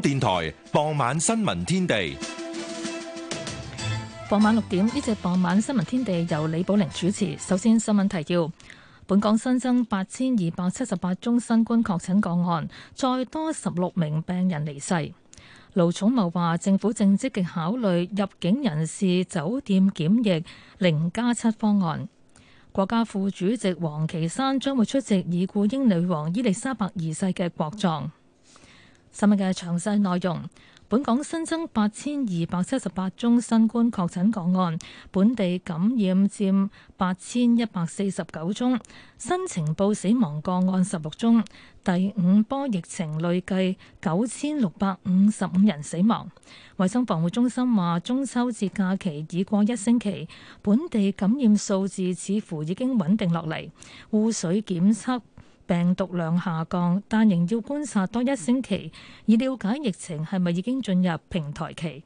電台傍晚新聞天地，傍晚六點，呢隻、這個、傍晚新聞天地由李寶玲主持。首先，新聞提要，本港新增八千二百七十八宗新冠確診個案，再多十六名病人離世。盧寵茂話，政府正積極考慮入境人士酒店檢疫零加七方案。國家副主席王岐山將會出席已故英女王伊麗莎白二世嘅國葬。今日嘅詳細內容。本港新增八千二百七十八宗新冠確診個案，本地感染佔八千一百四十九宗，新情報死亡個案十六宗，第五波疫情累計九千六百五十五人死亡。衛生防護中心話，中秋節假期已過一星期，本地感染數字似乎已經穩定落嚟，污水檢測，病毒量下降，但仍要觀察多一星期，以了解疫情係咪已經進入平台期。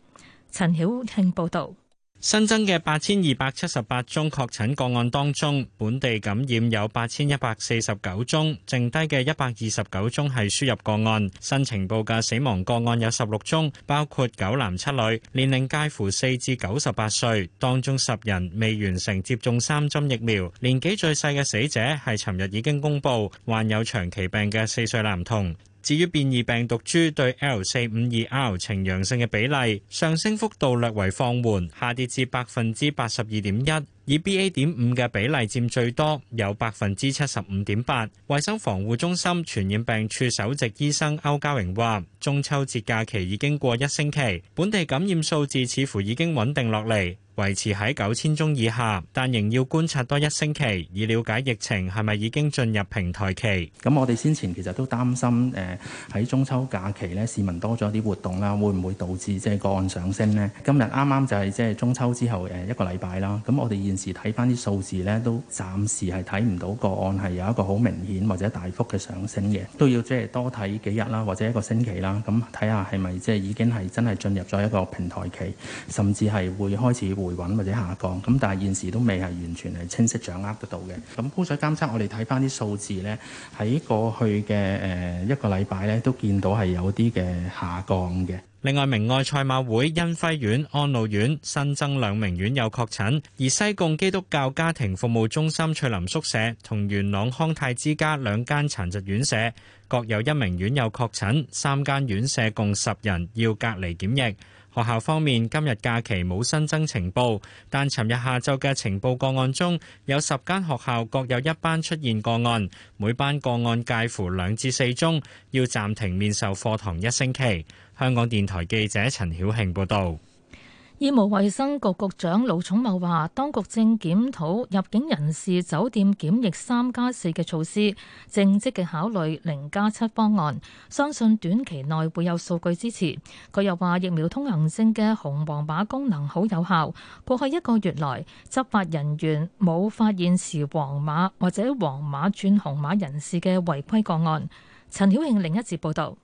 陳曉慶報導。新增嘅八千二百七十八宗確診個案當中，本地感染有八千一百四十九宗，剩低嘅一百二十九宗係輸入個案。新情報嘅死亡個案有十六宗，包括九男七女，年齡介乎四至九十八歲，當中十人未完成接種三針疫苗。年紀最細嘅死者係尋日已經公布患有長期病嘅四歲男童。至於變異病毒株對 L 四五二 R 呈陽性嘅比例上升幅度略為放緩，下跌至百分之八十二點一，以 BA 點五嘅比例佔最多，有百分之七十五點八。衞生防護中心傳染病處首席醫生歐家榮話：中秋節假期已經過一星期，本地感染數字似乎已經穩定落嚟。維持喺九千宗以下，但仍要觀察多一星期，以了解疫情係咪已經進入平台期。咁我哋先前其實都擔心，誒、呃、喺中秋假期咧，市民多咗啲活動啦，會唔會導致即係個案上升呢？今日啱啱就係即係中秋之後誒一個禮拜啦。咁我哋現時睇返啲數字呢，都暫時係睇唔到個案係有一個好明顯或者大幅嘅上升嘅，都要即係多睇幾日啦，或者一個星期啦，咁睇下係咪即係已經係真係進入咗一個平台期，甚至係會開始回穩或者下降，咁但係現時都未係完全係清晰掌握得到嘅。咁污水監測，我哋睇翻啲數字咧，喺過去嘅誒一個禮拜咧，都見到係有啲嘅下降嘅。另外，明愛賽馬會恩輝院、安老院新增兩名院友確診，而西貢基督教家庭服務中心翠林宿舍同元朗康泰之家兩間殘疾院舍各有一名院友確診，三間院舍共十人要隔離檢疫。學校方面，今日假期冇新增情報，但尋日下晝嘅情報個案中有十間學校各有一班出現個案，每班個案介乎兩至四宗，要暫停面授課堂一星期。香港電台記者陳曉慶報道。醫務衛生局局長盧寵茂話，當局正檢討入境人士酒店檢疫三加四嘅措施，正積極考慮零加七方案，相信短期內會有數據支持。佢又話，疫苗通行證嘅紅黃碼功能好有效，過去一個月來，執法人員冇發現持黃碼或者黃碼轉紅碼人士嘅違規個案。陳曉慶另一節報道。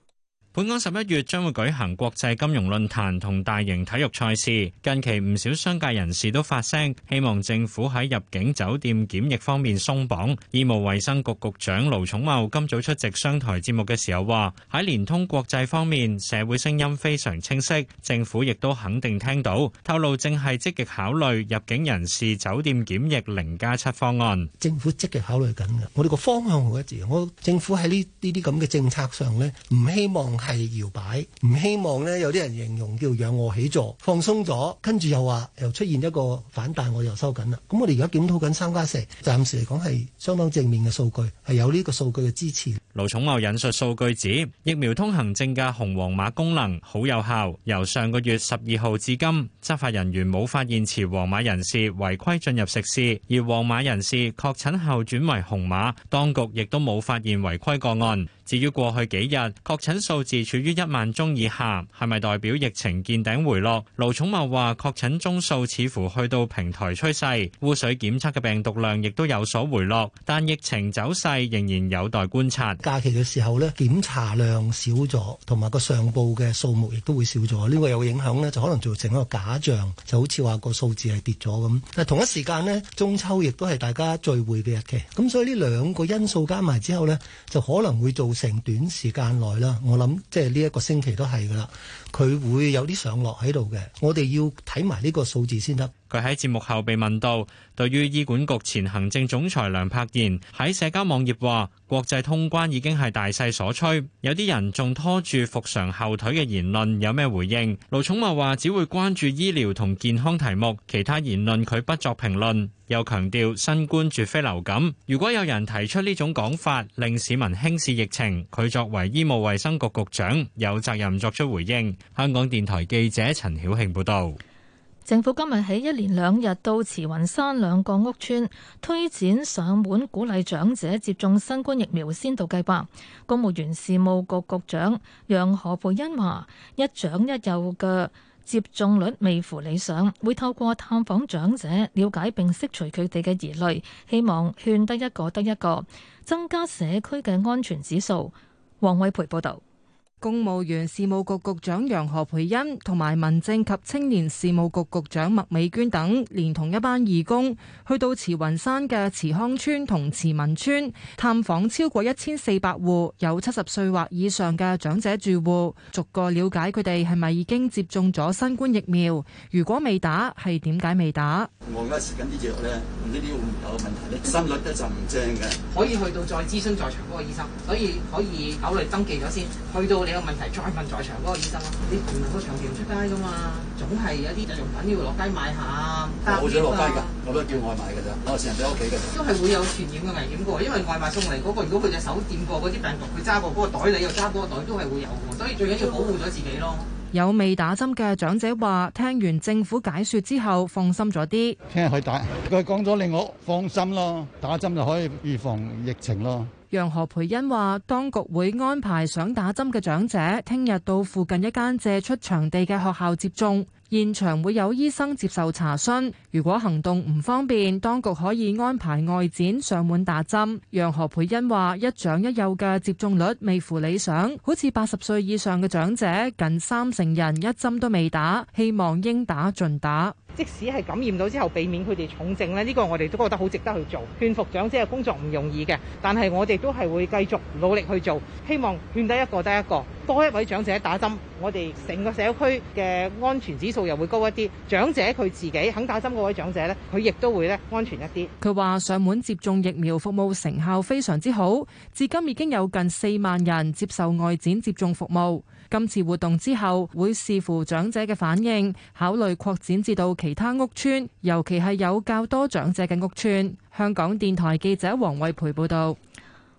本港十一月將會舉行國際金融論壇同大型體育賽事，近期唔少商界人士都發聲，希望政府喺入境酒店檢疫方面鬆綁。醫務衛生局局長盧寵茂今早出席商台節目嘅時候話，喺連通國際方面，社會聲音非常清晰，政府亦都肯定聽到，透露正係積極考慮入境人士酒店檢疫零加七方案。政府積極考慮緊嘅，我哋個方向好一致。我政府喺呢呢啲咁嘅政策上呢，唔希望。係搖擺，唔希望呢有啲人形容叫仰卧起坐，放鬆咗，跟住又話又出現一個反彈，我又收緊啦。咁我哋而家檢討緊三加四，暫時嚟講係相當正面嘅數據，係有呢個數據嘅支持。盧寵茂引述數據指，疫苗通行證嘅紅黃碼功能好有效。由上個月十二號至今，執法人員冇發現持黃碼人士違規進入食肆，而黃碼人士確診後轉為紅碼，當局亦都冇發現違規個案。至於過去幾日確診數字處於一萬宗以下，係咪代表疫情見頂回落？盧寵茂話：確診宗數似乎去到平台趨勢，污水檢測嘅病毒量亦都有所回落，但疫情走勢仍然有待觀察。假期嘅時候咧，檢查量少咗，同埋個上報嘅數目亦都會少咗，呢個有影響咧，就可能造成一個假象，就好似話個數字係跌咗咁。但同一時間咧，中秋亦都係大家聚會嘅日期，咁所以呢兩個因素加埋之後呢，就可能會做成短時間內啦，我諗即係呢一個星期都係噶啦。佢會有啲上落喺度嘅，我哋要睇埋呢個數字先得。佢喺節目後被問到，對於醫管局前行政總裁梁柏賢喺社交網頁話國際通關已經係大勢所趨，有啲人仲拖住復常後腿嘅言論，有咩回應？盧寵茂話只會關注醫療同健康題目，其他言論佢不作評論。又強調新冠絕非流感，如果有人提出呢種講法令市民輕視疫情，佢作為醫務衛生局局長有責任作出回應。香港電台記者陳曉慶報道，政府今日喺一連兩日到慈雲山兩個屋邨推展上門鼓勵長者接種新冠疫苗先導計劃。公務員事務局局、局長楊何蓓茵話，一長一幼嘅接種率未符理想，會透過探訪長者了解並釋除佢哋嘅疑慮，希望勸得一個得一,一個，增加社區嘅安全指數。黃偉培報道。公務員事務局局長楊何蓓茵同埋民政及青年事務局局長麥美娟等，連同一班義工，去到慈雲山嘅慈康村同慈民村探訪超過一千四百戶有七十歲或以上嘅長者住戶，逐個了解佢哋係咪已經接種咗新冠疫苗，如果未打係點解未打？我而家食緊啲藥咧，唔知啲會有問題咧，心律咧就唔正嘅，可以去到再諮詢在場嗰個醫生，所以可以考慮登記咗先，去到你。有問題再問在場嗰個醫生咯。你唔係個長期唔出街噶嘛，總係有啲日用品要落街買下，加啲啊冇得落街㗎，我都係叫外賣㗎啫，我成日喺屋企嘅都係會有傳染嘅危險㗎，因為外賣送嚟嗰個，如果佢隻手掂過嗰啲病毒，佢揸過嗰個袋，你又揸嗰個袋，都係會有嘅。所以最緊要保護咗自己咯。有未打針嘅長者話，聽完政府解説之後，放心咗啲。聽日去打，佢講咗令我放心咯，打針就可以預防疫情咯。楊何培恩話，當局會安排想打針嘅長者聽日到附近一間借出場地嘅學校接種，現場會有醫生接受查詢。如果行動唔方便，當局可以安排外展上門打針。楊何培恩話，一長一幼嘅接種率未符理想，好似八十歲以上嘅長者近三成人一針都未打，希望應打盡打。即使係感染到之後避免佢哋重症咧，呢、呢個我哋都覺得好值得去做。勸服長者嘅工作唔容易嘅，但係我哋都係會繼續努力去做，希望勸得一個得一個多一位長者打針，我哋成個社區嘅安全指數又會高一啲。長者佢自己肯打針嗰位長者咧，佢亦都會咧安全一啲。佢話上門接種疫苗服務成效非常之好，至今已經有近四萬人接受外展接種服務，今次活動之後會視乎長者嘅反應考慮擴展至到。其他屋邨，尤其係有較多長者嘅屋邨。香港電台記者黃惠培報導。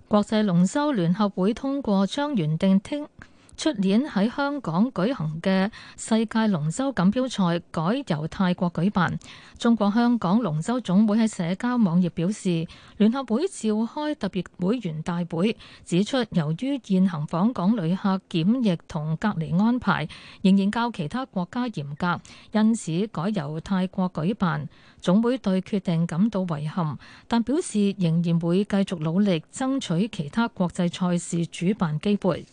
國際龍舟聯合會通過將原定聽出年喺香港舉行嘅世界龍舟錦標賽改由泰國舉辦，中國香港龍舟總會喺社交網頁表示，聯合會召開特別會員大會指出，由於現行訪港旅客檢疫同隔離安排仍然較其他國家嚴格，因此改由泰國舉辦。總會對決定感到遺憾，但表示仍然會繼續努力爭取其他國際賽事主辦機會。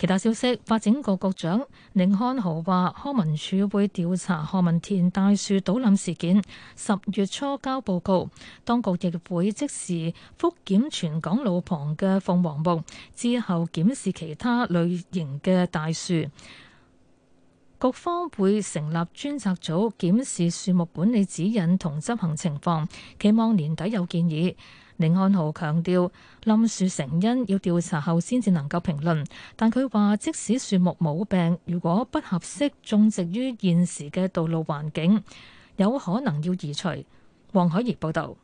其他消息，發展局局長甯漢豪話康文署會調查何文田大樹倒冧事件，十月初交報告。當局亦會即時復檢全港路旁嘅鳳凰木，之後檢視其他類型嘅大樹。局方會成立專責組檢視樹木管理指引同執行情況，期望年底有建議。甯漢豪強調，冧樹成因要調查後先至能夠評論，但佢話即使樹木冇病，如果不合適種植於現時嘅道路環境，有可能要移除。黃海怡報導。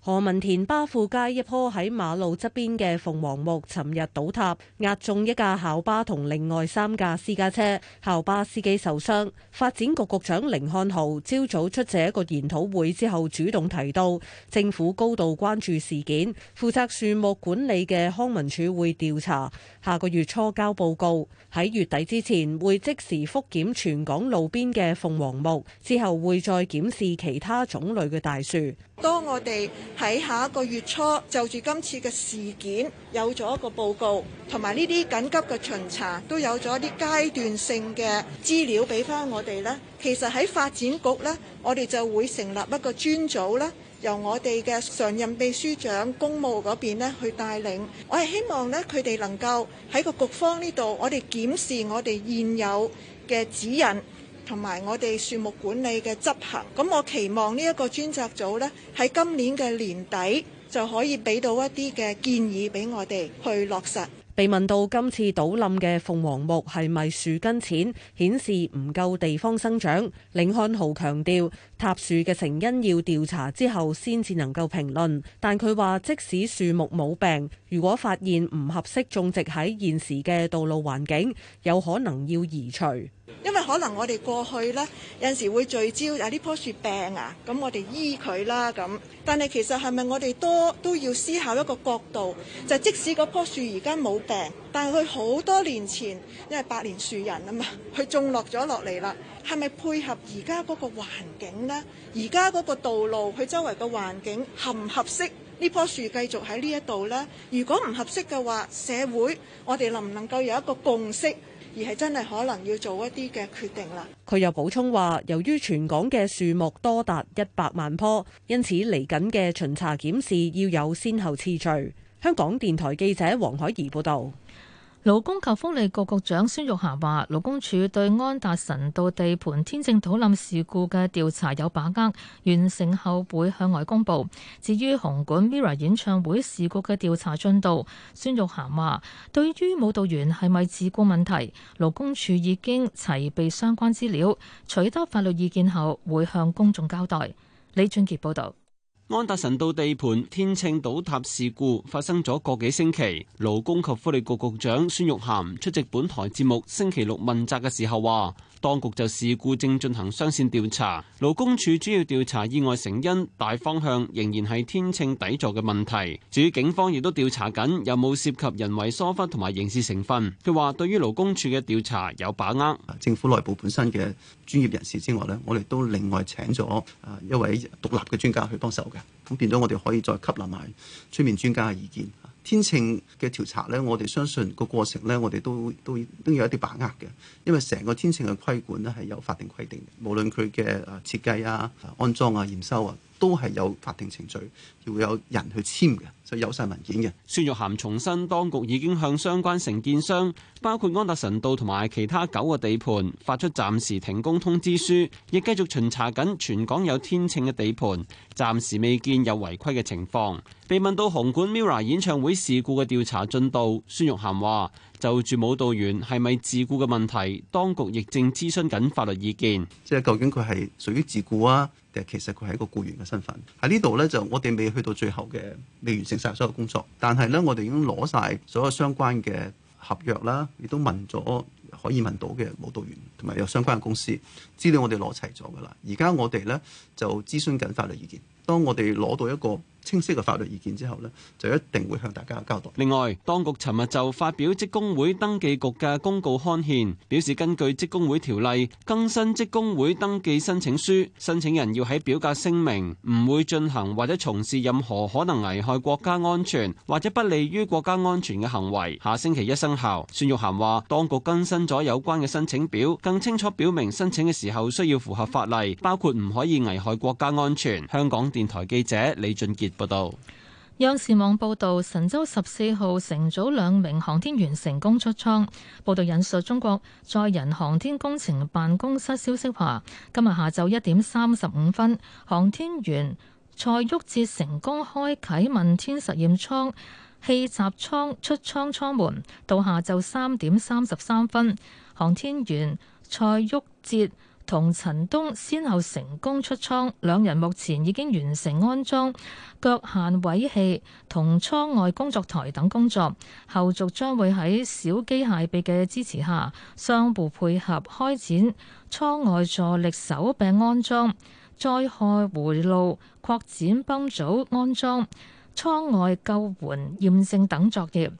何文田巴富街一棵喺馬路側邊嘅鳳凰木尋日倒塌，壓中一架校巴同另外三架私家車，校巴司機受傷。發展局局長寧漢豪朝早出席一個研討會之後，主動提到政府高度關注事件，負責樹木管理嘅康文署會調查，下個月初交報告，喺月底之前會即時複檢全港路邊嘅鳳凰木，之後會再檢視其他種類嘅大樹。當我哋喺下一個月初就住今次嘅事件有咗一個報告，同埋呢啲緊急嘅巡查都有咗一啲階段性嘅資料俾翻我哋。呢其實喺發展局呢，我哋就會成立一個專組咧，由我哋嘅常任秘書長公務嗰邊呢去帶領。我係希望呢，佢哋能夠喺個局方呢度，我哋檢視我哋現有嘅指引。同埋我哋樹木管理嘅執行，咁我期望呢一個專責組咧喺今年嘅年底就可以俾到一啲嘅建議俾我哋去落實。被問到今次倒冧嘅鳳凰木係咪樹根淺，顯示唔夠地方生長，林漢豪強調，塌樹嘅成因要調查之後先至能夠評論。但佢話，即使樹木冇病，如果發現唔合適種植喺現時嘅道路環境，有可能要移除。因為可能我哋過去呢，有陣時會聚焦啊呢棵樹病啊，咁我哋醫佢啦咁。但係其實係咪我哋多都，都要思考一個角度，就係，即使嗰棵樹而家冇病，但係佢好多年前因為百年樹人啊嘛，佢種落咗落嚟啦，係咪配合而家嗰個環境呢？而家嗰個道路佢周圍個環境合唔合適呢棵樹繼續喺呢一度呢？如果唔合適嘅話，社會我哋能唔能夠有一個共識？而係真係可能要做一啲嘅決定啦。佢又補充話，由於全港嘅樹木多達一百萬棵，因此嚟緊嘅巡查檢視要有先後次序。香港電台記者黃海怡報導。勞工及福利局局長孫玉菡話：勞工處對安達臣道地盤天秤倒冧事故嘅調查有把握，完成後會向外公布。至於紅館 Mirror 演唱會事故嘅調查進度，孫玉菡話：對於舞蹈員係咪自僱問題，勞工處已經齊備相關資料，取得法律意見後會向公眾交代。李俊杰報道。安達臣道地盤天秤倒塌事故發生咗個幾星期，勞工及福利局局長孫玉菡出席本台節目星期六問責嘅時候話。當局就事故正進行雙線調查，勞工署主要調查意外成因，大方向仍然係天秤底座嘅問題。至於警方亦都調查緊有冇涉及人為疏忽同埋刑事成分。佢話對於勞工處嘅調查有把握。政府內部本身嘅專業人士之外咧，我哋都另外請咗啊一位獨立嘅專家去幫手嘅，咁變咗我哋可以再吸納埋出面專家嘅意見。天秤嘅調查咧，我哋相信個過程咧，我哋都都都有一啲把握嘅，因為成個天秤嘅規管咧係有法定規定嘅，無論佢嘅誒設計啊、安裝啊、驗收啊，都係有法定程序要有人去簽嘅，所以有晒文件嘅。孫玉涵重申，當局已經向相關承建商，包括安達臣道同埋其他九個地盤發出暫時停工通知書，亦繼續巡查緊全港有天秤嘅地盤，暫時未見有違規嘅情況。被問到紅館 MIRROR 演唱會事故嘅調查進度，孫玉涵話就住舞蹈員係咪自僱嘅問題，當局亦正諮詢緊法律意見。即係究竟佢係屬於自僱啊？其實佢係一個僱員嘅身份喺呢度呢，就我哋未去到最後嘅未完成晒所有工作，但係呢，我哋已經攞晒所有相關嘅合約啦，亦都問咗可以問到嘅舞蹈員同埋有，有相關嘅公司資料，我了了，我哋攞齊咗噶啦，而家我哋呢，就諮詢緊法律意見。當我哋攞到一個清晰嘅法律意見之後呢，就一定會向大家交代。另外，當局尋日就發表職工會登記局嘅公告刊憲，表示根據職工會條例更新職工會登記申請書，申請人要喺表格聲明唔會進行或者從事任何可能危害國家安全或者不利於國家安全嘅行為。下星期一生效。孫玉菡話，當局更新咗有關嘅申請表，更清楚表明申請嘅時候需要符合法例，包括唔可以危害國家安全、香港。電台記者李俊杰報道。央視網報道，神舟十四號乘組兩名航天員成功出艙。報道引述中國載人航天工程辦公室消息話，今日下晝一點三十五分，航天員蔡旭哲成功開啟問天實驗艙氣閘艙出艙艙門，到下晝三點三十三分，航天員蔡旭哲同陳冬先後成功出艙，兩人目前已經完成安裝腳限位器同艙外工作台等工作，後續將會喺小機械臂嘅支持下，相互配合開展艙外助力手柄安裝、載荷迴路擴展泵組安裝、艙外救援驗證等作業。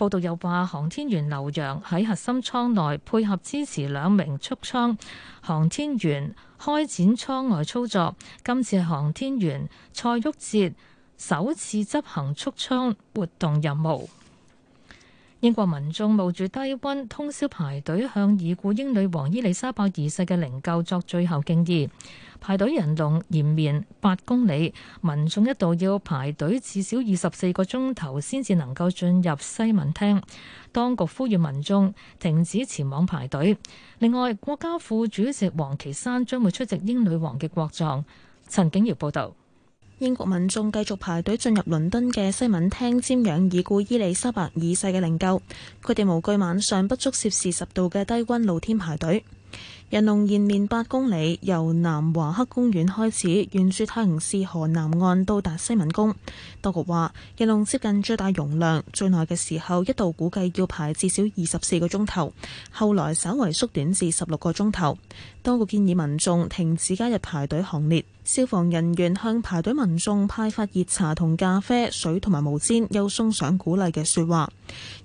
報道又話，航天員劉洋喺核心艙內配合支持兩名出艙航天員開展艙外操作。今次係航天員蔡旭哲首次執行出艙活動任務。英國民眾冒住低溫通宵排隊向已故英女王伊麗莎白二世嘅靈柩作最後敬意，排隊人龍延綿八公里，民眾一度要排隊至少二十四個鐘頭先至能夠進入西敏廳。當局呼籲民眾停止前往排隊。另外，國家副主席王岐山將會出席英女王嘅國葬。陳景堯報道。英國民眾繼續排隊進入倫敦嘅西敏廳瞻仰已故伊利沙白二世嘅靈柩，佢哋無懼晚上不足攝氏十度嘅低温露天排隊，人龍延綿八公里，由南華克公園開始，沿住泰晤士河南岸到達西敏宮。當局話人龍接近最大容量，最耐嘅時候一度估計要排至少二十四個鐘頭，後來稍為縮短至十六個鐘頭。當局建議民眾停止加入排隊行列。消防人員向排隊民眾派發熱茶同咖啡、水同埋毛氈，又送上鼓勵嘅説話。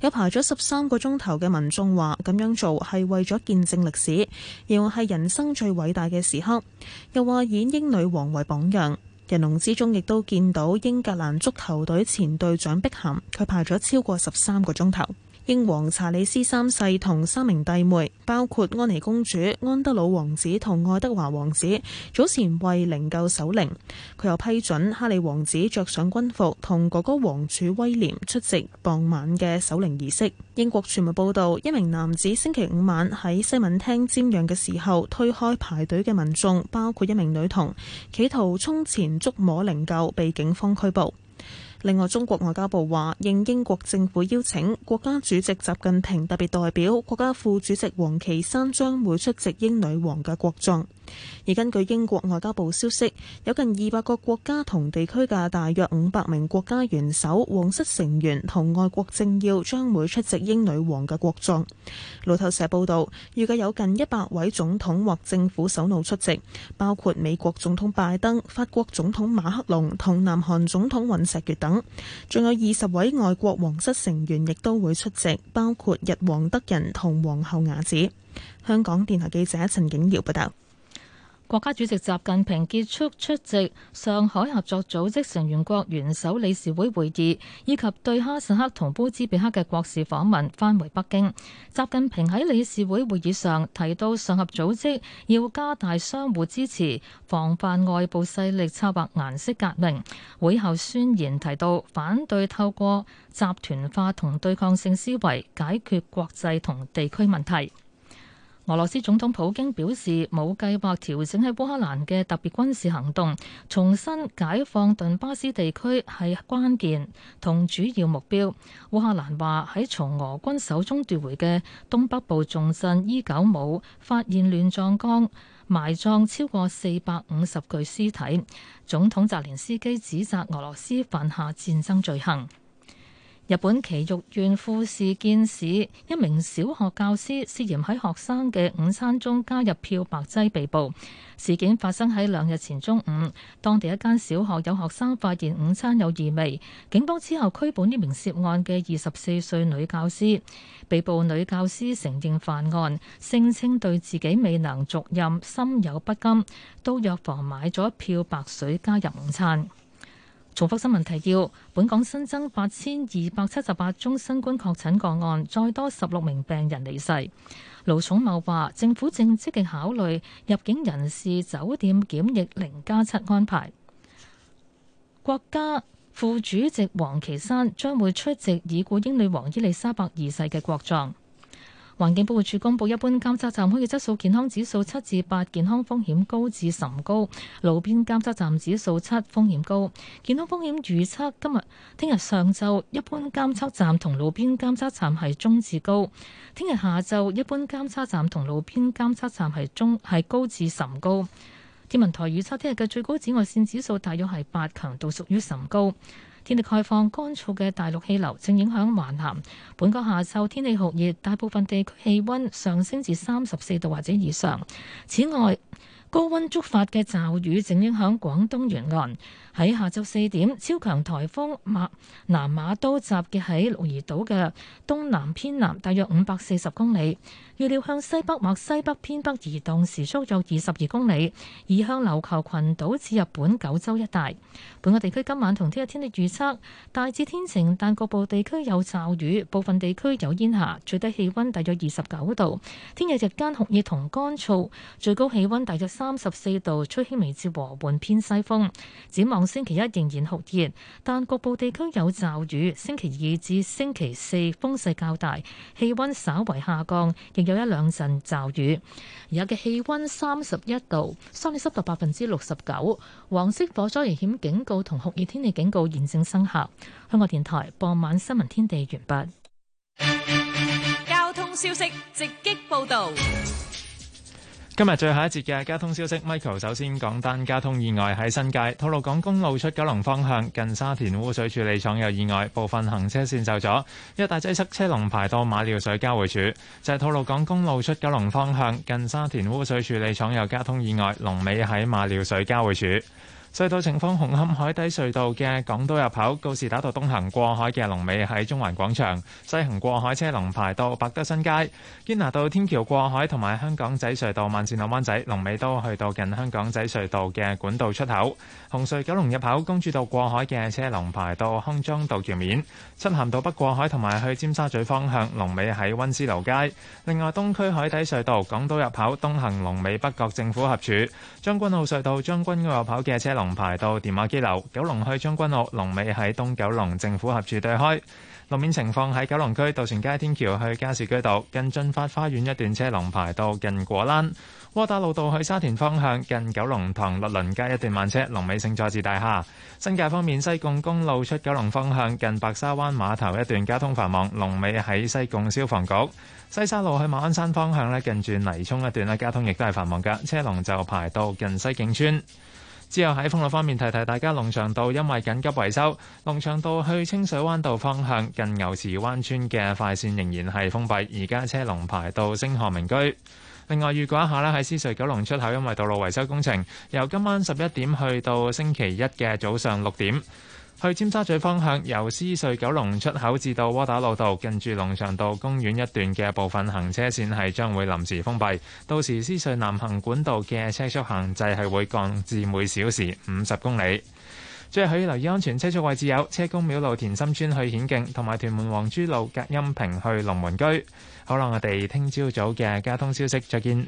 有排咗十三個鐘頭嘅民眾話：咁樣做係為咗見證歷史，亦話係人生最偉大嘅時刻。又話以英女王為榜樣。人龍之中亦都見到英格蘭足球隊前隊長碧咸，佢排咗超過十三個鐘頭。英皇查理斯三世同三名弟妹，包括安妮公主、安德魯王子同愛德華王子，早前為靈柩守靈。佢又批准哈利王子着上軍服，同哥哥王儲威廉出席傍晚嘅守靈儀式。英國傳媒報道，一名男子星期五晚喺西敏廳瞻仰嘅時候，推開排隊嘅民眾，包括一名女童，企圖衝前捉摸靈柩，被警方拘捕。另外，中國外交部話，應英國政府邀請，國家主席習近平特別代表、國家副主席王岐山將會出席英女王嘅國葬。而根據英國外交部消息，有近二百個國家同地區嘅大約五百名國家元首、皇室成員同外國政要將會出席英女王嘅國葬。路透社報導，預計有近一百位總統或政府首腦出席，包括美國總統拜登、法國總統馬克龍同南韓總統尹錫悅等。仲有二十位外國皇室成員亦都會出席，包括日皇德仁同皇后雅子。香港電台記者陳景耀報道。國家主席習近平結束出席上海合作組織成員國元首理事會會議，以及對哈薩克同烏茲別克嘅國事訪問，返回北京。習近平喺理事會會議上提到，上合組織要加大相互支持，防範外部勢力策劃顏色革命。會後宣言提到，反對透過集團化同對抗性思維解決國際同地區問題。俄羅斯總統普京表示冇計劃調整喺烏克蘭嘅特別軍事行動，重新解放頓巴斯地區係關鍵同主要目標。烏克蘭話喺從俄軍手中奪回嘅東北部重鎮伊久姆發現亂葬崗，埋葬超過四百五十具屍體。總統澤連斯基指責俄羅斯犯下戰爭罪行。日本埼玉縣富士見市，市一名小學教師涉嫌喺學生嘅午餐中加入漂白劑被捕。事件發生喺兩日前中午，當地一間小學有學生發現午餐有異味，警方之後拘捕呢名涉案嘅二十四歲女教師。被捕女教師承認犯案，聲稱對自己未能續任心有不甘，都藥房買咗漂白水加入午餐。重複新聞提要：本港新增八千二百七十八宗新冠確診個案，再多十六名病人離世。盧寵茂話，政府正積極考慮入境人士酒店檢疫零加七安排。國家副主席王岐山將會出席已故英女王伊麗莎白二世嘅國葬。環境保護署公布，一般監測站空氣質素健康指數七至八，健康風險高至甚高；路邊監測站指數七，風險高。健康風險預測今日、聽日上晝，一般監測站同路邊監測站係中至高；聽日下晝，一般監測站同路邊監測站係中係高至甚高。天文台預測聽日嘅最高紫外線指數大約係八，強度屬於甚高。天氣開放乾燥嘅大陸氣流正影響華南，本港下晝天氣酷熱，大部分地區氣温上升至三十四度或者以上。此外，高温觸發嘅驟雨正影響廣東沿岸。喺下晝四點，超強颱風馬南瑪都集結喺鹿兒島嘅東南偏南，大約五百四十公里。預料向西北或西北偏北移動，時速有二十二公里，移向琉球群島至日本九州一帶。本澳地區今晚同聽日天氣預測，大致天晴，但各部地區有驟雨，部分地區有煙霞，最低氣温大約二十九度。聽日日間酷熱同乾燥，最高氣温大約三三十四度，吹輕微至和緩偏西風。展望星期一仍然酷熱，但局部地區有驟雨。星期二至星期四風勢較大，氣温稍為下降，亦有一兩陣驟雨。而家嘅氣温三十一度，相對濕度百分之六十九。黃色火災危險警告同酷熱天氣警告現正生效。香港電台傍晚新聞天地完畢。交通消息直擊報道。今日最後一節嘅交通消息，Michael 首先講單交通意外。喺新界吐露港公路出九龍方向近沙田污水處理廠有意外，部分行車線受阻，一大擠塞車龍排到馬料水交匯處。就係、是、吐露港公路出九龍方向近沙田污水處理廠有交通意外，龍尾喺馬料水交匯處。隧道情況：紅磡海底隧道嘅港島入口告士打道東行過海嘅龍尾喺中環廣場；西行過海車龍排到百德新街。堅拿道天橋過海同埋香港仔隧道慢線落灣仔龍尾都去到近香港仔隧道嘅管道出口。紅隧九龍入口公主道過海嘅車龍排到康莊道橋面。漆咸道北過海同埋去尖沙咀方向龍尾喺溫思勞街。另外，東區海底隧道港島入口東行龍尾北角政府合署。將軍澳隧道將軍澳入口嘅車龍，龍排到電話機樓，九龍去將軍澳，龍尾喺東九龍政府合署對開路面情況喺九龍區渡船街天橋去加士居道近駿發花園一段車龍排到近果欄窩打老道去沙田方向近九龍塘律倫街一段慢車，龍尾聖佐治大廈新界方面，西貢公路出九龍方向近白沙灣碼頭一段交通繁忙，龍尾喺西貢消防局西沙路去馬鞍山方向咧，近住泥涌一段咧，交通亦都係繁忙噶，車龍就排到近西景村。之後喺封路方面，提提大家，龍翔道因為緊急維修，龍翔道去清水灣道方向近牛池灣村嘅快綫仍然係封閉，而家車龍排到星河名居。另外預告一下咧，喺獅隧九龍出口，因為道路維修工程，由今晚十一點去到星期一嘅早上六點。去尖沙咀方向，由獅隧九龍出口至到窩打老道，近住龍翔道公園一段嘅部分行車線係將會臨時封閉。到時獅隧南行管道嘅車速限制係會降至每小時五十公里。最後，可以留意安全車速位置有車公廟路田心村去顯徑，同埋屯門黃珠路隔音屏去龍門居。好啦，我哋聽朝早嘅交通消息，再見。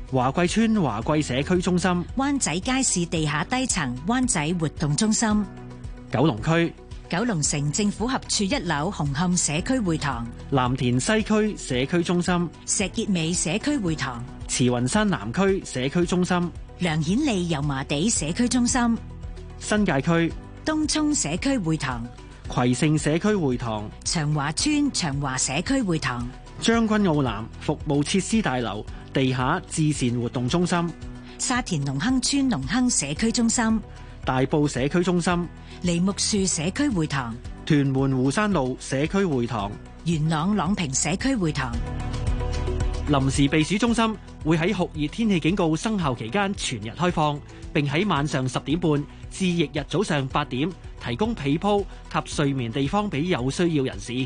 華貴村華貴社區中心，灣仔街市地下低層灣仔活動中心，九龍區九龍城政府合署一樓紅磡社區會堂，藍田西區社區中心，石硤尾社區會堂，慈雲山南區社區中心，梁顯利油麻地社區中心，新界區東涌社區會堂，葵盛社區會堂，長華村長華社區會堂，將軍澳南服務設施大樓。地下至善活動中心、沙田隆亨村隆亨社區中心、大埔社區中心、梨木樹社區會堂、屯門湖山路社區會堂、元朗朗平社區會堂、臨時避暑中心會喺酷熱天氣警告生效期間全日開放，並喺晚上十點半至翌日早上八點提供被鋪及睡眠地方俾有需要人士。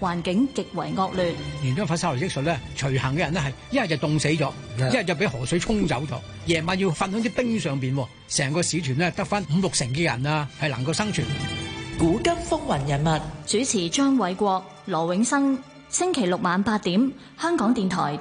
環境極為惡劣，元朝發沙羅積術咧，隨行嘅人咧係，Yeah. 一日就凍死咗，一日就俾河水沖走咗，夜晚要瞓喺啲冰上邊，成個使團咧得返五六成嘅人啊係能夠生存。古今風雲人物主持張偉國、羅永生，星期六晚八點，香港電台。